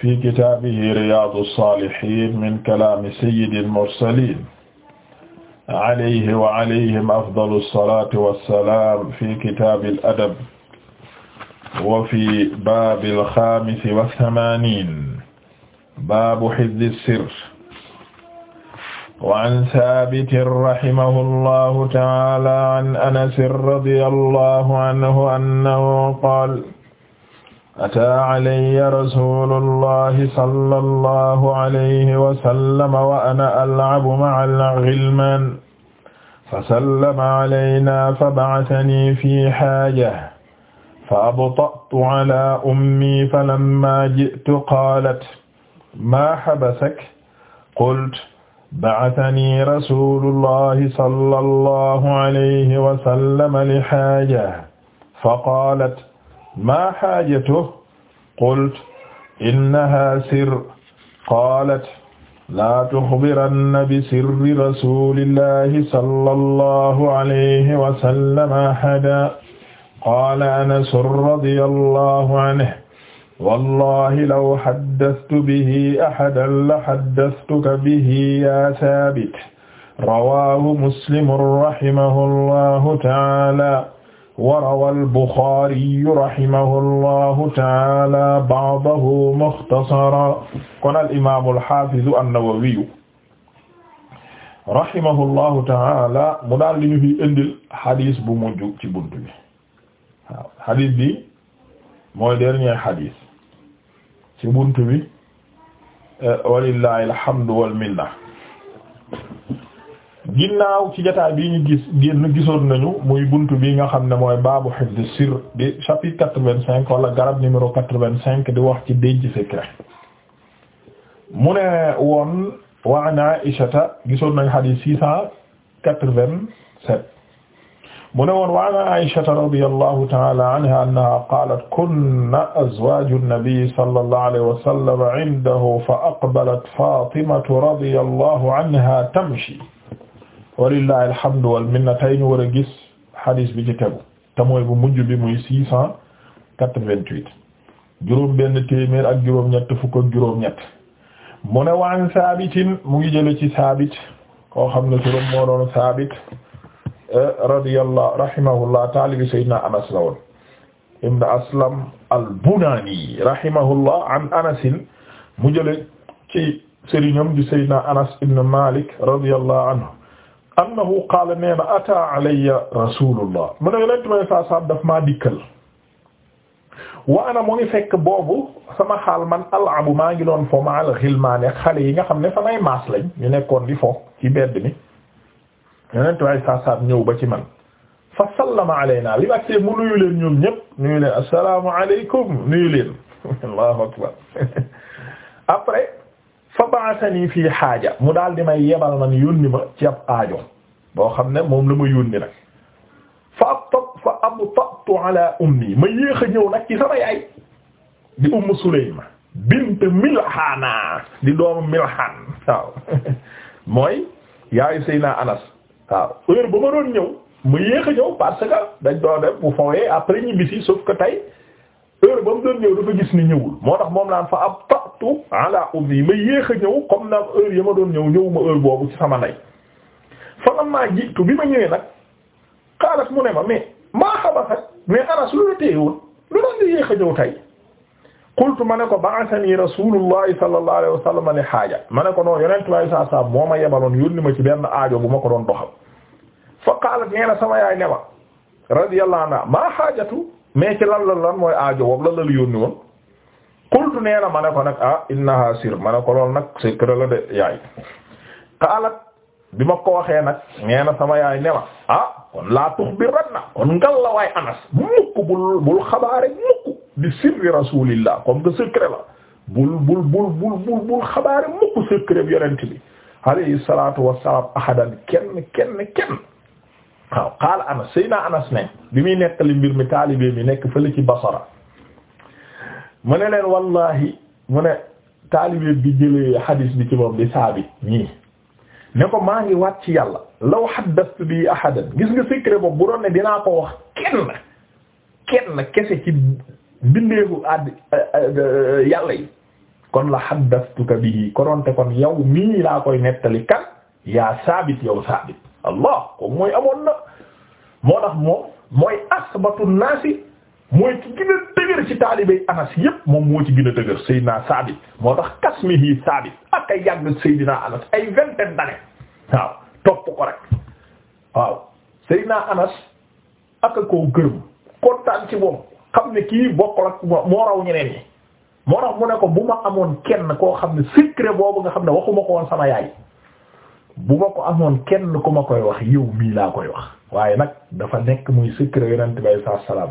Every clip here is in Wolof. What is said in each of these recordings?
fi kitaabihi riyaadu saalihiin min kalaami sayyidil mursaliin alayhi wa alayhim afdalu salaati wa salaam fi kitaabil adab wa fi baabil xaamisi wa samaaniin baabu hifdi sirr wa an saabitin rahimahullahu ta'aalaa an anasin radiyallahu anhu annahu qaala ataa alayya rasulullahi sallallahu alayhi wa sallam wa ana al'abu ma'al ghilman fasallama alaynaa faba'athanii fi haaja faabta'tu ala ummi falammaa ji'tu qaalat maa habasak qultu ba'athanii rasuulullahi sallallahu alayhi wa sallam li haaja faqaalat maa haajatuhu qult innaha sir qalat laa tuxbiranna bi sirri rasulillahi sallallahu alayhi wa sallam ahada qaala anas radiyallahu anhu wallahi law haddastu bihi ahadan la haddastuka bihi ya saabit rawahu muslimun rahimahu allahu taala وروى البخاري رحمه الله تعالى بعضه مختصرا قال الإمام الحافظ النووي رحمه الله تعالى mu daal li ñu fi indil xadis bu mujj ci bunt bi waaw xadis bi mooy dernier xadis ci bunt bi walillahi alhamdu wal minna ginnaaw ci jotaay bii ñu gis génn gisoon nañu muy buntu bi nga xam ne mooy baabu hifz sir di chapitre quatre-vingt-cinq wala garab numéro quatre-vingt-cinq di wax ci denc secret mu ne woon wa an Aïshata gisoon nañu hadith six cent quatre-vingt-sept mu ne woon wa an Aïshata radiyallahu ta'ala anha annaha qalat kunna azwaju an-nabi sallallahu alayhi wa sallam indahu fa aqbalat Fatimatu radiyallahu anha tamshi walillahi alhamdu wal minna tey ñu war a gis hadis bi ci tegu te bu mujj bi mu six cent quatre-vingt-huit juróom benn téeméer ak juróom ñett fukk mu ne waan saabitin mu ngi jële ci saabit koo xam ne turam moo doon saabit eh, radiyallahu rahimahullah taalibi sayyidina anas la woon ibn aslam al-bunani rahimahullah an anasin mu jële ci sëriñam di sayyidina anas ibn malik radiyallahu anhu annahu qaala nee na ataa alayya rasulullah mu ne yonent may saa daf maa dikkal wa ana mu ngi fekk boobu sama xaal man alabu maa ngi doon fo ma xale yi nga xam ne samay maas lañ ñu nekkoon di foo ci bedd mi yonent may saa saam ñëw ba ci man fa sallama alaynaa li wàccee mu nuyu leen ñoom ñëpp nuyu leen assalaamu alaykum nuyu leen allahu akbar après fa ba'athani fi xaaja mu daal di may yebal man yónni ma ci ab aajo boo xam ne moom la ma yónni nag fa ab top fa abta'tu ala ummi ma yéex a ñëw nag ci sama yaay di ummu Sulayma bint Milhana di doomu Milhan waaw mooy yaayu Seyna Anas waaw heure ba ma doon ñëw ma yéex a ñëw parce que dañ doon bu fawee après ñibbisi sauf que tey heure ba mu doon ñëw dafa gis ni ñëwul moo tax moom naan fa ab tatu ala um yi ma yéex a ñëw comme na heure ya ma doon ñëw ñëwuma heure boobu ci sama ndey fa man maa jiitu bi ma ñëwee nag xaalat mu ne ma mais maa xabaxat mais anas lu la téyewoon lu doon di yéex a ñëw tey qultu ma ne ko ba'athani rasulullahi sallallahu alayhi wa sallam li haaja ma ne ko noonu yonent bi sallallahu alayhi wa sallam moo ma yebaloon yónni ma ci benn aajo bu ma ko doon doxal fa qaalat nee na sama yaay ne ma radiyallahu anha maa haajatu mais ci lan lan lan mooy aajo boobu lan la lu yónni woon qultu nee na ma ne ko nag ah innaha sir ma ne ko lool nag secret la de yaay qaalat bi ma ko waxee nag nee na sama yaay ne ma ah kon laa tuxbiranna kon ngal la waay anas mukk bul bul xabaare mukk bi sirri rasulillah comme que secret la bul bul bul bul bul bul xabaare mukk secret bi yonent bi alayhi salatu wassalam ahadan kenn kenn kenn waaw qaala anas sëy naa anas ne bi muy nettali mbir mi taalibe bi nekk fële ci basara mu ne leen wallahi mu ne taalibe bi jëlee hadis bi ci moom di saabi ñii ne ko maa ngi waat ci yàlla law haddastu bi ahadan gis nga secret boobu bu doon ne dinaa ko wax kenn kenn kese ci bindeefu àdd yàlla kon la haddastuka bihi konoonte kon yow mii laa koy nettali kan yaa saabit yow saabit allah ko mooy amoon na moo tax moom mooy asbatu naasi mooy ci gën dëgër ci taalibey anas yépp moom moo ci gën a dëgër Seydina Saabit moo tax kasmihi Saabit ak ay yàgg Seydina Anas ay vingtaine d'années topp ko rek waaw Seydina Anas ak koo gërëm kontaan ci moom xam ne kii bokkul ak moo raw ñeneen ñi moo tax mu ne ko bu ma amoon kenn koo xam ne secret boobu nga xam ne waxuma ko woon sama yaay bu ma ko amoon kenn ku ma koy wax yow mii laa koy wax waaye nag dafa nekk muy secret yonent bay saa salaam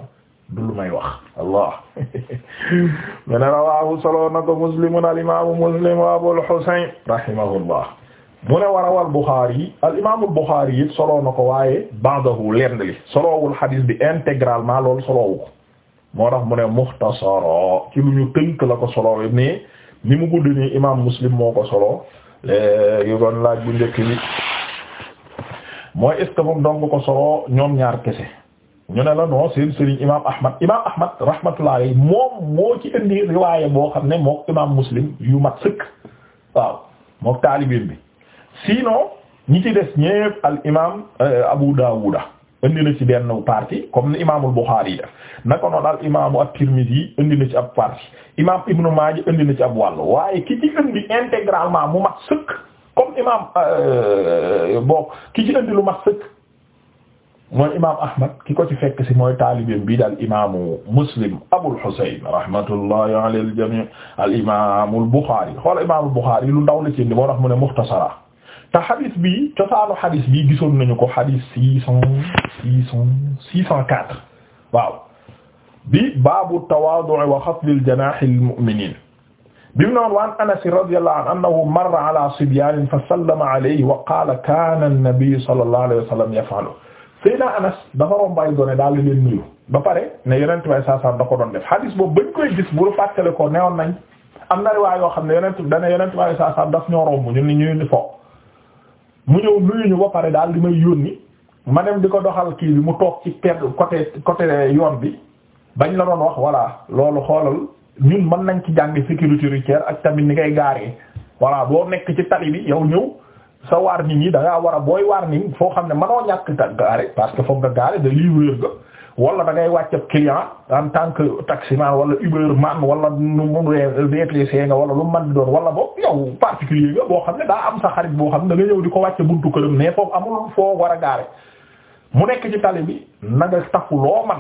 du lu may wax allah mene rawahu soloo na ko muslimun al imamu muslim wa abul mu ne warawal buxaari al imaamul buxaari it soloo na ko waaye ba'dahu lenn li soloowul xadiis bi intégralement loolu soloowu ko moo tax mu ne muxtasara ci lu ñu tënk la ko soloo ni ni mu gudd ni imam muslim moo ko soloo léegi kon laaj bu njëkk bi mooy est ce que moom dong ko solo ñoom ñaar kese ñu ne la non seen sëriñ imaam Ahmad imaam Ahmad rahmatullah moom moo ci indi riwaaya boo xam ne mook imaam Muslim yu mat sëkk waaw mook taalibiin bi sinon ñi ci des ñépp al imaam euh, Abu Daawuda indi na ci benn partie comme ni imaamul Buxaari yi def naka noonu al imaamu at-Tirmidhi indi na ci ab partie imaam Ibnu Maaja indi na ci ab wàll waaye ki ci indi intégralement mu mat sëkk comme imaam euh, boo ki ci indi lu mat sëkk mooy imaam Ahmad ki ko ci fekk si mooy taalibeem bii daal imaamu Muslim Abul Husayn rahmatullahi ala al-jamii al imaamul Buxaari xoola imaamul Buxaari lu ndaw la ci indi moo tax mu ne muxtasara te xadis bi cosaanu xadis bi gisoon nañu ko xadis six cent six cent six cent quatre waaw bi baabu tawaadu wa xafdil janaahi lil mu'miniin bi mu noon waan Anas radiyallahu anhu annahu marra ala sibyaanin fa sallama alayhi wa qaala kaana an-nabiyyu sallallahu alayhi wa sallam yaf'alu Seydina Anas dafa rombay doone daal di ba pare ne Yonent bi saa saa da ko doon def xadis boobu bañ koy gis bu fàttale ko newoon nañ am na riwaay yoo xam ne Yonent bi dana Yonent bi saa saa daf ñoo romb ñun ñu ñu mu ñëw nuyu ñu ba pare daal di may yónni ma dem di ko doxal kii bi mu toog ci per côté côté yoon bi bañ la doon wax voilà loolu xoolal ñun mën nañ ci jàng sécurité routière ak tamit ni ngay gaaree voilà boo nekk ci tali bi yow ñëw sa waar nit ñi da ngaa war a booy waar nit foo xam ne mënoo ñàkk gaare parce que foog nga gaare de livreur ga wala da ngay wàcc client en tant que taximan wala uberman wala nu mu déplacé nga wala lu man di doon wala boog yow particulier nga boo xam ne daa am sa xarit boo xam ne da nga ñëw di ko wàcce buntu këram mais foofu amul foo war a gaare mu nekk ci tali bi na nga tafu loo man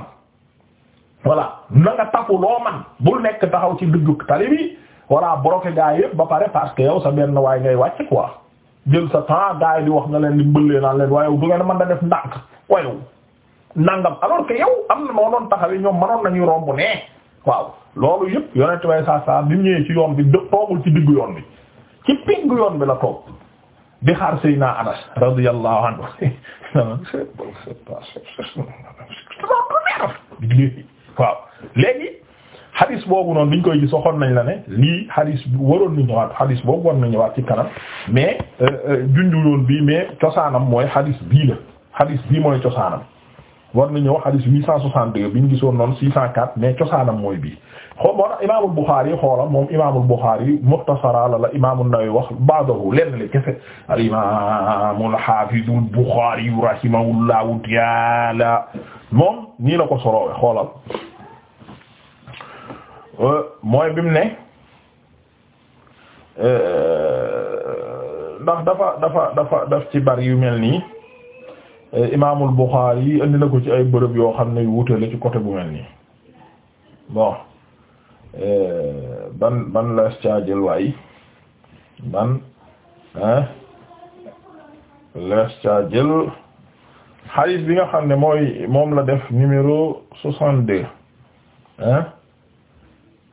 voilà na tafu loo man bul nekk taxaw ci dugg tali bi voilà bloqué gaa yëpp ba pare parce que yow sa benn waaye ngay wàcc quoi jël sa temps gaa yi di wax nga leen di mbëllee naan leen waaye du ngeen mën da def ndànk nangam alors que yow am na noo doon taxawee ñoom mënoon nañu romb nee waaw loolu yëpp yonent way saa saa bi mu ñëwee ci yoon bi toogul ci diggu yoon bi ci pingu yoon bi la toog di xaar naa Anas radiyallahu anhu waaw léegi xadis boobu noonu biñ koy gis waxoon nañ la ne lii xadis waroon na ñëwaat xadis boobu war na ñëwaat ci kanam mais euh, euh, junjuloon bii mais cosaanam mooy xadis bii la xadis bii mooy cosaanam war na ñëw xadis 862 bi ñu gisoon noonu 604 mais cosaanam mooy bii moo tax imaamul Buxaari xoolam moom imaamul Buxaari muxtasara la la imaamul Nawawi wax baadahu lenn le kese al imaamul xaafizul Buxaari rahimahullahu taala moom nii la ko soroowe xoolal mooy bi mu ne ndax dafa dafa dafa daf ci bari yu mel nii Eh, imaamul Buxaari yi indi na ko ci ay bërëb yoo xam ne wuute la ci côté bu mel nii bon eh, ban ban la ca jël waay ban ah lees ca jël hadith bi nga xam ne mooy moom la def numéro soixante deux ah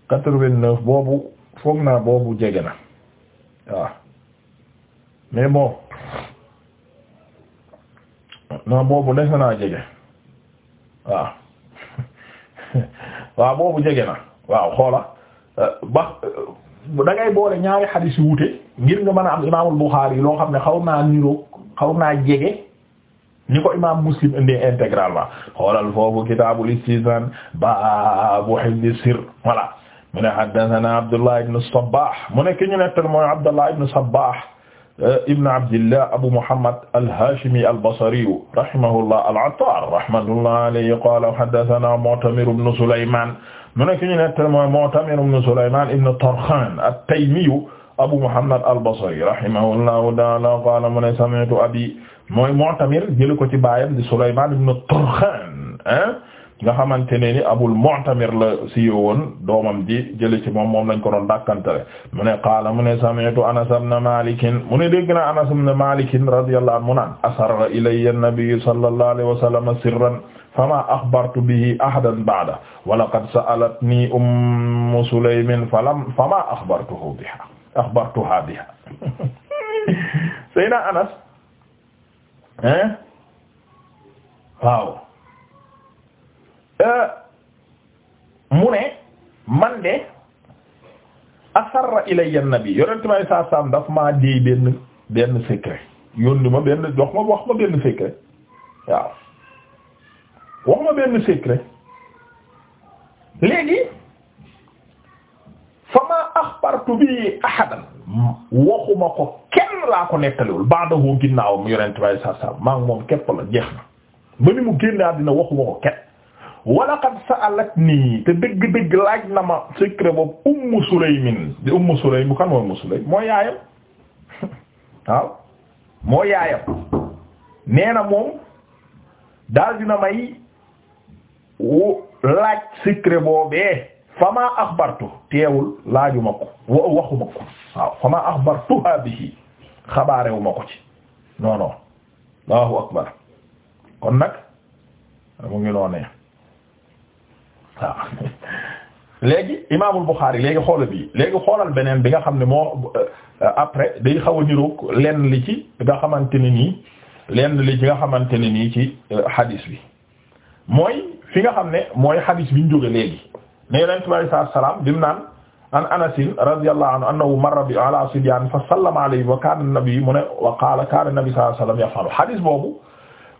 quatre vingt neuf boobu foog naa boobu jege na waaw mais bon. non boobu des na naa jege waaw waaw boobu jege na waaw xoola euh, ba euh, da ngay boole ñaari xadiis yu wute ngir nga mën a am imaamul Buxaari loo xam ne xaw naa niroog xaw naa jege ni ko imaam Muslim indee intégralement xoolal foofu kitaabul istizaan baabu hifdi sirr voilà mu ne haddasanaa Abdullah ibn Sabbah mu ne ki ñu nettal mooy Abdullah ibn Sabbah Euh, ibn abdillah abu muhammad al-hashimi al-basri rahimahullah al-attar rahmatullah alayhi qala haddathana mu'tamir ibn sulayman mu ne ki ñu nettal mooy mu'tamir ibn sulayman ibn tarkhan at-taymi abu muhammad al-basri rahimahullahu ta'ala qala mu ne sami'tu abi mooy mu'tamir jël ko ci baayam di sulayman ibn tarkhan nga xamante ne ni Abul Mu'tamir la siiwee woon doomam ji jële ci moom moom lañ ko doon dàkkantale mu ne qaala mu ne sami'tu Anas ibn Malik mu ne dégg naa Anas ibn Malik radiyallahu anhu mu naan asarra ilayya an-nabiy sallallahu alayhi wa sallam sirran fama axbartu bihi ahadan ba'da wa laqad sa'alatni ummu Sulaym falam fama axbartuhu biha axbartuha biha Seydina Anas hein waaw Euh, mu ne man de asarra ilayya nabi yonent bi alayhi salaatu maa déy benn benn secret yónni ma benn wax ma wax ma benn secret waaw wax ma benn secret léegi fa maa axbartu bi ahadan waxuma ko kenn laa ko nettaliwul ba'dahu ginnaawam yonent bi alayhi salaatu salaam maa ngi moom képp la jeex na ba ni mu génn àddina waxuma ko kenn wala qad sa'alatnii te dëgg-dëgg laaj na ma secret boobu ummu sulaymin di ummu sulaym kan mooy ummu sulaym mooy yaayam waaw moo yaayam nee moom daal dina may laaj secret boobee famaa axbartu teewul laajuma ko waxuma ko waaw famaa axbartuhaa bihi xabaarewuma ko ci non non Allahu akbar kon nag mu ngi noonee waaw léegi imaamul Buxaari léegi xoolal bii léegi xoolal beneen bi nga xam ne moo euh, après day xaw a niroog lenn li ci nga xamante ne ni lenn li ci nga xamante ne nii ci hadis euh, bi mooy fi nga xam ne mooy hadis bi ñu jóge léegi ne yonent bi alayhi salaam bi mu naan an anasin radiyallahu anhu annahu marra bi ala sibyaan fa sallama alayhi wa kaana nabi mu ne wa qaala kaana nabi sallallahu alayhi wa sallam yafalu hadis boobu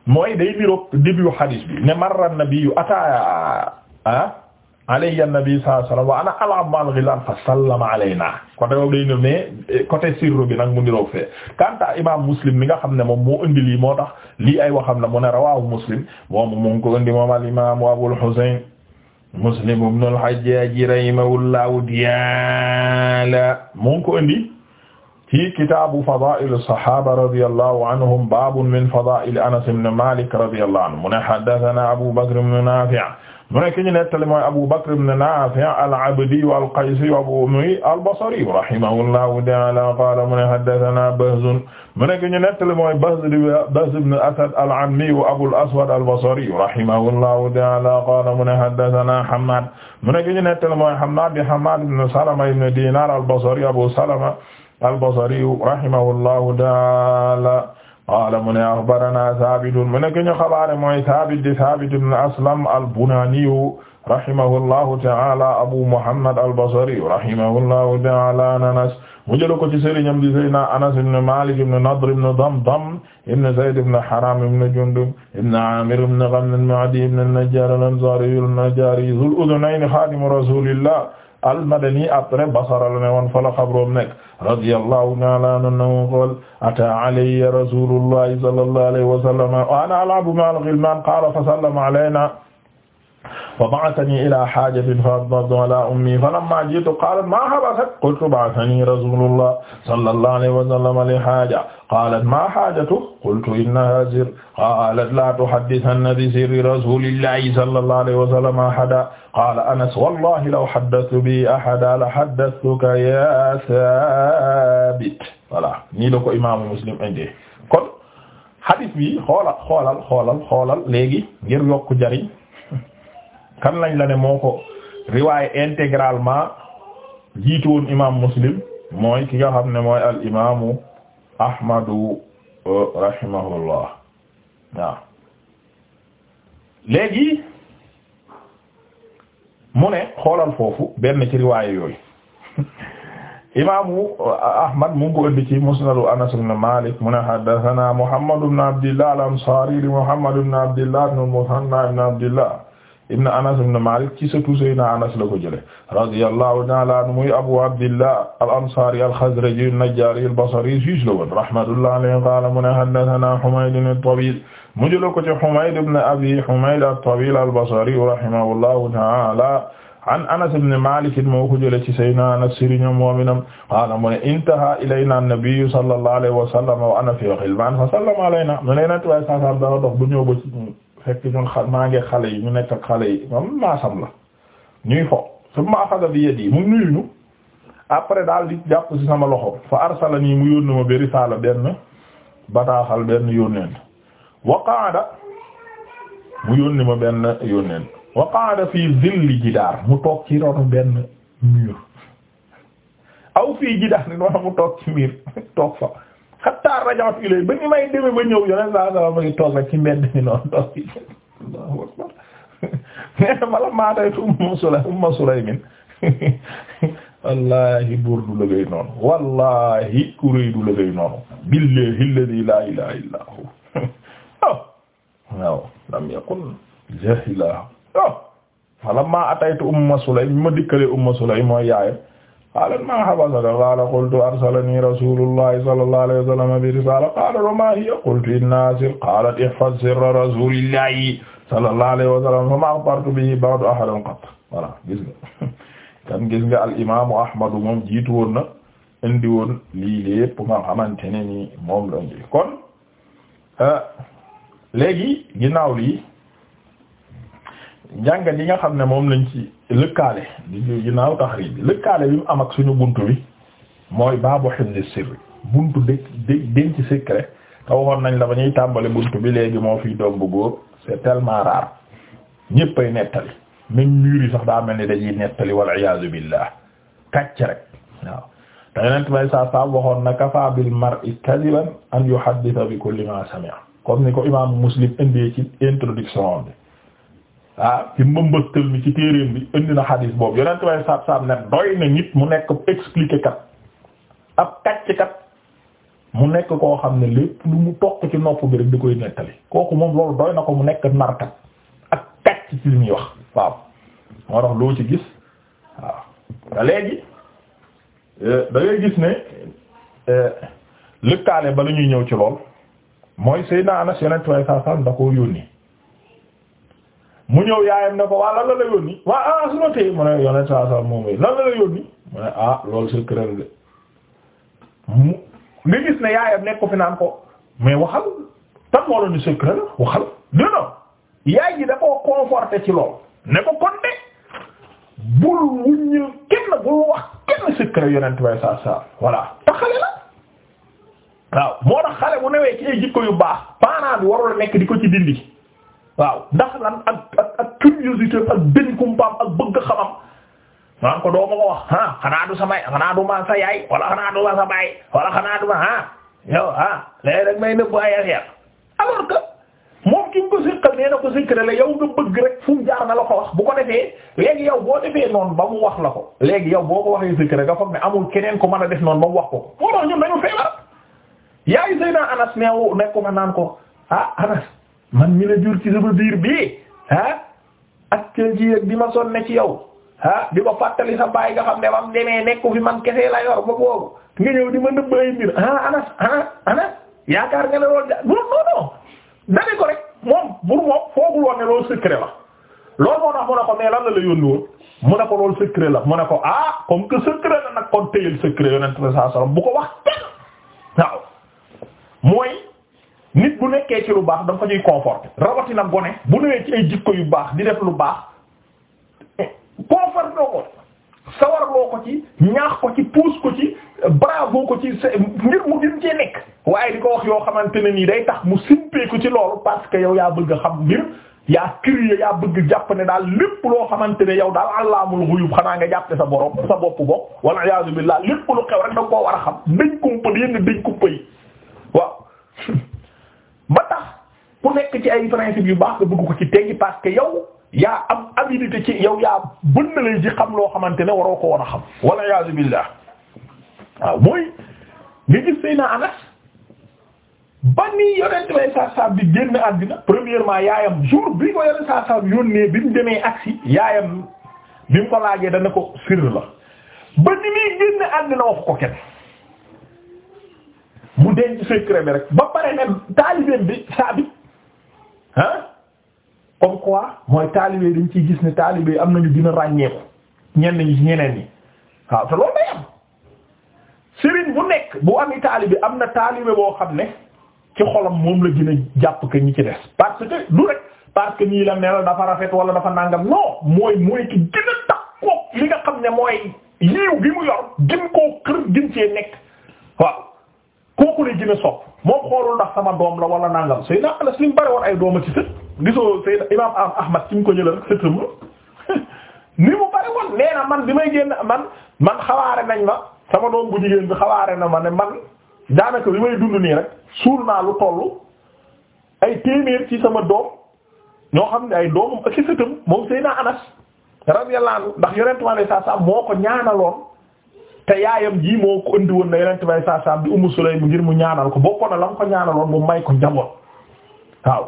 mooy day niroog début hadis bi ne marra nabi ataa ah alayya nabi sallallahu alayhi wasallam wa ana al'ab ma'al ghilal fa sallama alayna côté boobu day ñëw ne eh, côté sirru bi nag mu niroog fee kanta imam muslim mi nga xam ne moom moo indi lii moo tax lii ay waxam la mu ne rawahu muslim moom mu ngi ko indi moom al imam abul husayn muslim ibn al hajjaj rahimahullahu ta'ala mu ngi ko indi ci kitaabu fadaa'il as-sahaaba radiyallahu anhum baabun min fadaa'il anas ibn malik radiyallahu anhu mu ne haddathana abu bakr ibn nafi' mu nekk ñu nettali mooy Abu Bakr ibn Nafi' al-Abdi al-Qaysi Abu Umayya al-Basri rahimahullahu ta'ala qala mu ne haddathana Bahz mu nekk ñu nettali mooy Bahz Bahz ibn Asad al-Ammi wa Abu al-Aswad al-Basri rahimahullahu ta'ala qala mu ne haddathana Hammad mu nekk ñu nettali mooy Hammad bi Hammad ibn Salama ibn Dinar al-Basri Abu Salama al-Basri rahimahullahu ta'ala qaala mu ne axbarana Saabitun mu nekk ñu xabaare mooy Saabit di Saabit ibn Aslam al-Bunaaniyu rahimahullahu ta'ala Abu Muhammad al-Basri rahimahullahu ta'ala an Anas mu jël ko ci sëriñam di Seydina Anas ibn Maalik ibn Nadr ibn Damdam ibn Zayd ibn Haraam ibn Jundub ibn Aamir ibn Ganm ibn Adiy ibn an-Najjaar al-Ansaari an-Najjaari dhul udhunayni xaadimu rasuulillah al-Madani après Basra la ne woon fa la xabroom nekk radiyallahu ta'ala anhu qaala ataa alayya rasuulullahi sallallahu alayhi wa sallam wa ana al'abu ma'a al-ghilmaan qaala fa sallama alaynaa wa ba'athanii ilaa haajatin fa adbabtu alaa ummii falammaa ji'tu qaalat maa habasaki qultu ba'athanii rasuulullaah sallallaahu alayhi wa sallam li haaja qaalat maa haajatuki qultu innahaa sirr qaalat laa tuhaddithanna bi sirri rasuulillaahi sallallaahu alayhi wa sallam ahadan qaala Anas wallaahi law haddathtu bihi ahadan la haddathtuka yaa Thaabit voilà nii la ko imaamu Muslim indi kon hadith bi xoolal xoolal xoolal xoolal léegi ngir yokk jariñ kan lañ la ne moo ko riwaay intégralement jiitu woon muslim mooy ki nga xam ne mooy al imaamu ahmadu euh, rahimahullah waaw léegi mu ne xoolal foofu benn ci riwaay yooyu imaamu euh, ahmad mu ko indi ci musnadu anas ibn malik mu ne haddathana muhammad ibn abdillah al ansari muhammad ibn abdillah ibn musanna ibn abdillah ibn anas ibn malik ci sëtu sayyidina anas la ko jële radiyallahu ta'ala anhu muy abu abdillah al ansari al khazraji an najjari al basri juge la woon rahmatullahi alayhi qala mu ne haddathana humayd at-tabil mu jële ko ci humayd ibn abi humayd at-tabil al basri rahimahullahu ta'ala an anas ibn malik moo ko jële ci sayyidina anas sëriñam moominam qala mu ne intaha ilayna an-nabiyyu sallallahu alayhi wa sallam wa ana fi ghilman fa sallama alayna fekk ñun xa maa ngi xale yi ñu nekk xale yi moom maasam la ñuy fo su ma xasa bi yet yi mu nuyu ñu après daal di jàpp ci sama loxo fa arsala nii mu yónni ma bi benn yónneen wa qaada mu yónni ma benn yónneen wa qaada fii zilli jidaar mu toog ci ronu benn mur aw fii jidaar ni noonu mu toog ci miir toog fa xatta rajaat ilay ba ni may demee ba ñëw yoneen saa saa ba ngi toog nag ci mbedd mi noonu toog ci Allahu akbar neena ma la maataytu min wallahi buur du lëgëy wallahi ku rëy du billahi alladhi la ilaha illa hu oh waaw lam yakun jahila oh ma la ma dikkalee umma sulay mooy yaayam qaalat maa habasaka qaala qultu arsalanii rasuulullahi sallallahu alayhi wa sallam bi risaala qaala wa maa hiya qultu innaa sir qaalat ihfaz sirra rasuulillahi sallallahu alayhi wa sallam famaa akhbartu bihi ba'du ahadan qatt voilà gis nga kan gis nga al imaamu Ahmadu moom jiitu woon na indi woon lii lépp nga xamante ne ni moom la indi kon euh, léegi ginnaaw lii njàngat yi nga xam ne moom lañ ci. lëkkaale di ginnaaw taxriij bi lëkkaale bi mu am ak suñu bunt bi mooy baabu hifzi sirri buntu dé denc secret te waxoon nañ la ba ñuy tàmbali bunt bi léegi moo fiy doom bu góor c'est tellement rare ay nettali même mur yi sax daa mel ni dañuy nettali wal iyaazu billah kàcc rek waaw te yonent bay saa saa waxoon na kafaa bil mar'i kadiban an yuhaddisa bi kulli ma sami'a comme ni ko imaamu muslim indee ci introduction bi ah ci mbambastal bi ci téeréem bi indi na xadis boobu yonent way saab-saab ne doy na nit mu nekk expliquer kat ab kàcc kat mu nekk koo xam ne lépp lu mu toq ci nopp bi rek koy nettali kooku moom loolu doy na ko mu nekk narkat ak kàcc ci li muy wax waaw moo tax loo ci gis waaw léegi euh, da ngay gis ne euh, lëkkaale ba la ñuy ñëw ci lool mooy Seydina Anas yonent way saab-saab da koo yónni mu ñëw yaayam ne ko waa lan la la waa ah su ma téye mu ne saa saa moom lan la la yónni mu ne ah loolu de nga gis ne yaayam nekk ko fi naan ko mais waxal tan moo doon ni c'est clair waxal non yaay ji da koo conforté ci loolu ne ko kon bul wuññil kenn bul wax kenn c'est clair yonent saa saa voilà te la waaw moo tax xale bu newee ci ay jikko yu baax parent bi warul nekk di ko ci dindi. waaw ndax lan ak ak ak curiosité ak benn kumpaam ak bëgg xamam naan ko doo ma ko wax ah xanaa adu samay xanaa du ma yaay wala xanaa du ma baay wala xanaa du ma ah yow ah léegi rek may nëbbu ay affaire alors que moom ki nga ko sikkal nee na ko sikkale la yow nga bëgg rek fu mu jaar na ko wax bu ko defee léegi yow boo defee noonu ba mu wax la ko léegi yow boo ko waxee sikkale nga foog ne amul keneen ko mën a def noonu ba wax ko moo tax ñun dañu feebar yaay Seydina Anas neew nekkuma naan ko ah, man mi la jur ci sama biir bii ah ak cën ci yëg di ma sonne ci yow ah di ma fàttali sa baay nga xam ne mam demee nekku fi man kese la yor ba boobu nga ñëw di ma nëbbayi mbir ah anas ah yaakaar nga ne loolu da non non non dane ko rek moom pour moom foogul woon ne loolu secret la loolu moo tax mu ne ko mais lan la la yónni woon mu ne ko loolu secret la mu ne ko ah comme que secret la nag kon téyel yonent bi sallallahu alayhi bu ko wax kenn waaw nit bu nekkee ci lu baax da ko ñuy conforté rawatina gone bu newee ci ay jikko yu baax di def lu baax conforté ko sawarloo ko ci ñaax ko ci pousse ko ci bravo ko ci ngir mu gën cee nekk waaye di ko wax yoo xamante ne nii day tax mu simpee ko ci loolu parce que yow yaa bëgg a xam mbir yaa crier yaa bëgg jàpp ne daal lépp loo xamante ne yow daal allaamul xuyub xanaa nga jàpp sa borom sa bopp bopp wal iyaazu billaah lépp lu xew rek da nga war a xam dañ kumpa yenn dañ kumpa yi ci ay principe yu baax nga bëgg ko ci teggi parce que yow yaa am habilité ci yow yaa bën na lay xam loo xamante ne waroo ko war xam wala yaazu billah waaw mooy nga gis sëy anas ba nii yonent bay saab di génn àddina premièrement yaayam jour bi ko yonent saab yónnee bi mu demee agsi yaayam bi mu ko laajee dana ko sir la ba ni muy génn àddina wax ko kenn mu denc secret bi rek ba pare ne taalibeem bi saabit ah comme quoi mooy taalibe dañ ciy gis ne taalibe am nañu gën a ràññeeku ñenn ñi ci ñeneen ñi waaw te loolu day am sëriñ bu nekk bu ami taalibe am na taalibe boo xam ne ci xolam moom la dina a jàpp que ñi ci des parce que du rek parce que ñii la ne dafa rafet wala dafa nàngam non mooy mooy ki gën a takkook li nga xam ne mooy yiiw gi mu yor gën koo kër gën cee nekk waaw kooku lay gën sopp moom xoolul ndax sama doom la wala nangam Seydina Anas li mu bari woon ay dooma ci sët gisoo Seydina Imaam Ahmad ci ko jëlee rek man bi may génn man man xawaare nañ ma sama doom bu jigéen bi xawaare na ma ne man daanaka bi may dund nii rek suul naa lu tollu ay téeméer ci sama doom ñoo xam ne ay doomam ak ci sëtam moom Seydina Anas radiyallahu anhu ndax yonentu Yàlla saa saa moo ko ñaanaloon. te yaayam ji moo ko andi woon na yeneen tubay saa saa bi Ummu Sulaym ngir mu ñaanal ko bokkoon na la mu ko ñaanaloon mu may ko njaboot waaw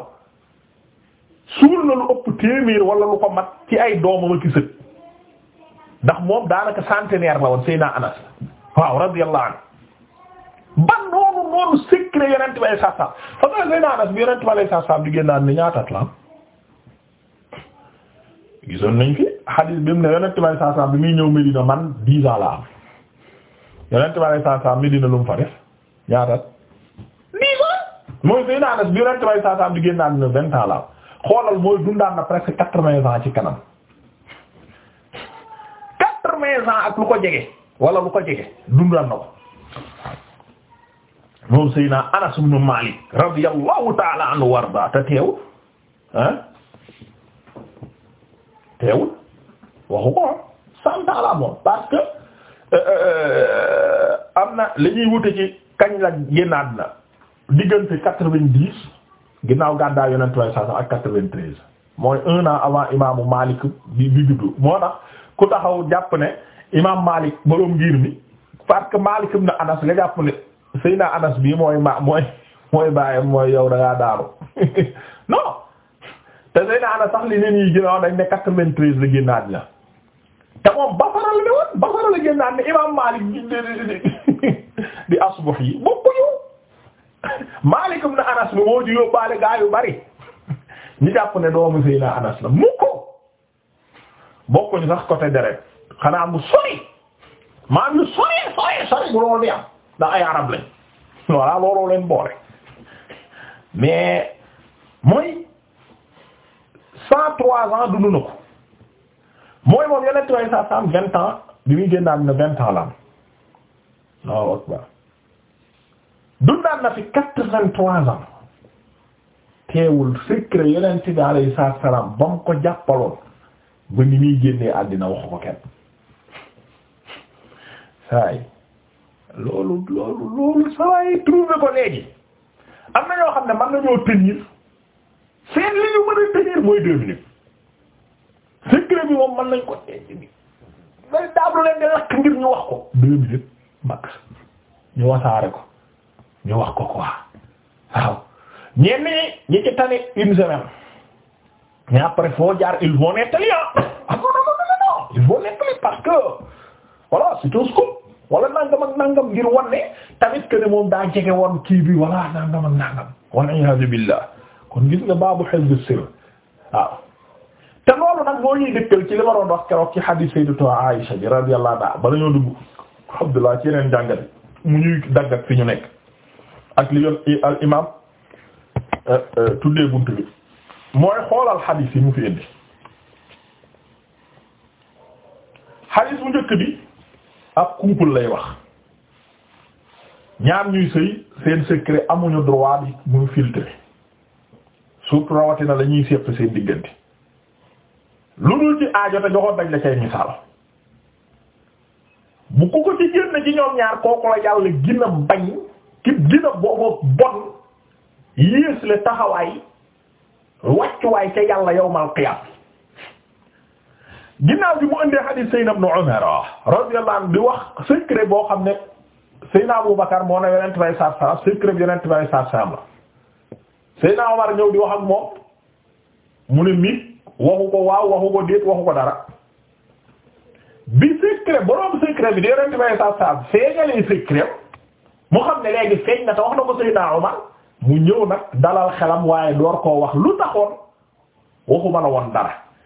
suul na lu ëpp téeméer wala lu ko mat ci ay doomam ak sët ndax moom daanaka centenaire la woon Seydina Anas waaw radiyallahu anhu ba noonu noonu secret yeneen tubay saa saa xam nga Seydina Anas bi yeneen tubay saa saa bi génnaan ni ñaataat la gisoon nañ fi hadith bi mu ne yeneen tubay saa saa muy ñëw yonent bi alayhi salaam Medina lu mu fa def ñaata. mooy Seydina Anas bi yonent bi alayhi salaam di génn àddina vingt ans xoolal mooy dundaan na presque quatre-vingts ci kanam quatre-vingts ak lu ko jege wala lu ko jege dundaan na ko moom Seydina Anas ibn Malik radiyallahu ta'ala anhu warda te teewul ah teewul waxu ko cent ans la parce que Euh, euh, euh, am na li ñuy wute ci kañ la génnaat na diggante quatre-vingt-dix ginnaaw gàddaay yonent way saa ak quatre-vingt-treize mooy un an avant imaamu Malik bi bi juddu moo tax ku taxaw jàpp ne imaam Malik boroom ngir mi parce que Malik ibn Anas nga jàpp ne Seydina Anas bii mooy ma mooy mooy bàyyam mooy yow da ngaa daaru te Seydina Anas sax li leen yi gënoon dañ ne quatre-vingt-treize la génnaat na te moom Basra la ne woon Basra la génn ne imaam Maalik di Asbahi yi bokkuñu Maalik Anas bi moo ci yóbbaale gaa yu bari ñu jàpp ne doomu Seydina Anas la mu ko bokkuñu sax côté deret xanaa mu sori maa mu sori sori sori bu loolu di am ay arab lañ voilà looloo leen boole mais mooy cent trois ans dundu na ko mooy moom yeneen tubaab saa saam vingt ans bi muy génn am na vingt ans la am waaw akbar dundaan na fi quatre-vingt-trois ans teewul secret yeneen ci daal saa salaam ba mu ko jàppaloon ba ni muy génnee àddina wax ko kenn saa yi loolu loolu loolu saa yi trouvé ko léegi am na ñoo xam ne man nañoo tenir seen li ñu mën a tenir mooy deux minutes. secret bi moom mën nañ ko day daablu leen lakk ngir ñu wax ko deux max ñu wasaare ko ñu wax ko quoi waaw ñenn ñi ci tane une semaine après foo jaar ils vont nettali ah non non non ils vont nettali parce que tamit que ne moom daa jege woon kii bi wala nangam ak nangam. wal iyaazu billah kon gis nga baabu hifz sir waaw. nag moo ñuy dëkkal ci li ma doon wax keroog ci ñoo dugg Abdullah ci yeneen ñu nekk ak li yoon al imaam euh, euh, tuddee bunt mooy xoolal hadith yi mu fi indi hadith bu njëkk bi ak couple lay wax ñaar ñuy sëy seen secret amuñu droit bi muy filtrer surtout rawatina la ñuy sepp seen diggante lu dul ci aajo te joxoon dañ la cay misaal bu ku ko ci génn ci ñoom ñaar kooku la yàlla gën bañ ki gën a bon yées taxawaay wàccuwaay ca yàlla yawmal qiyaam ginnaaw bi mu indee hadith Sayyidina Ibn Umar radiyallahu anhu di wax secret boo xam ne Sayyidina Abu Bakar moo ne yonent bay saab saab secret bi yonent bay saab saab la Sayyidina Umar ñëw di wax ak moom mu ne mi waxu ko waaw waxu ko déet waxu ko dara bi secret borom secret bi déedéet bi may saab saab feeñalee secret mu xam ne léegi feeñ na te wax na ko Seydina Omar mu ñëw nag dalal xelam waaye door koo wax lu taxoon waxu mën a woon dara.